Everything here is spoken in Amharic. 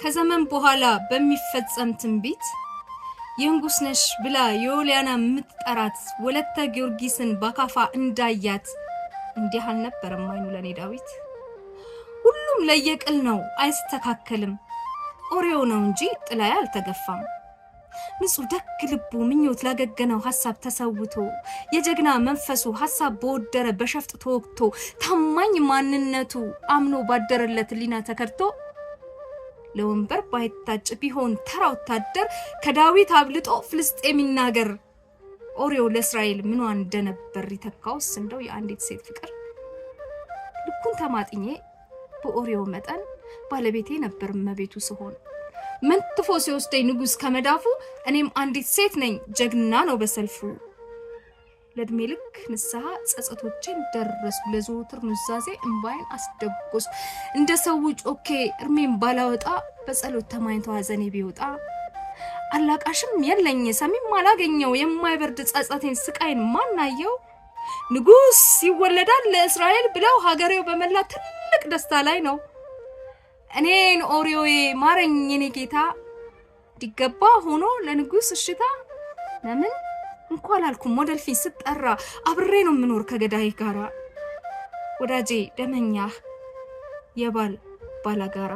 ከዘመን በኋላ በሚፈጸም ትንቢት የንጉስ ነሽ ብላ የወልያና የምትጠራት ወለተ ጊዮርጊስን በአካፋ እንዳያት እንዲህ አልነበረም አይኑ ለእኔ ዳዊት። ሁሉም ለየቅል ነው አይስተካከልም፣ ኦሬዮ ነው እንጂ ጥላዬ አልተገፋም። ንጹሕ ደግ ልቡ ምኞት ላገገነው ሐሳብ ተሰውቶ የጀግና መንፈሱ ሐሳብ በወደረ በሸፍጥ ተወግቶ ታማኝ ማንነቱ አምኖ ባደረለት ሊና ተከድቶ ለወንበር ባይታጭ ቢሆን ተራ ወታደር ከዳዊት አብልጦ ፍልስጤም ይናገር። ኦሪዮ ለእስራኤል ምኗ እንደነበር ይተካውስ እንደው የአንዲት ሴት ፍቅር። ልኩን ተማጥኜ በኦሪዮ መጠን ባለቤቴ ነበር መቤቱ ስሆን መንትፎ ሲወስደኝ ንጉሥ ከመዳፉ እኔም አንዲት ሴት ነኝ ጀግና ነው በሰልፉ ለእድሜ ልክ ንስሐ ጸጸቶቼን ደረሱ ለዘወትር ኑዛዜ እምባይን አስደጎሱ እንደ ሰው ጮኬ እርሜን ባላወጣ በጸሎት ተማኝቶ ሐዘኔ ቢወጣ አላቃሽም የለኝ ሰሚም አላገኘው የማይበርድ ጸጸቴን ስቃይን ማናየው ንጉስ ይወለዳል ለእስራኤል ብለው ሀገሬው በመላ ትልቅ ደስታ ላይ ነው። እኔን ኦሪዮዬ ማረኝ የኔ ጌታ ዲገባ ሆኖ ለንጉስ እሽታ ለምን እንኳ አላልኩም ወደልፊን ስጠራ አብሬ ነው የምኖር ከገዳይ ጋራ ወዳጄ ደመኛህ የባል ባላጋራ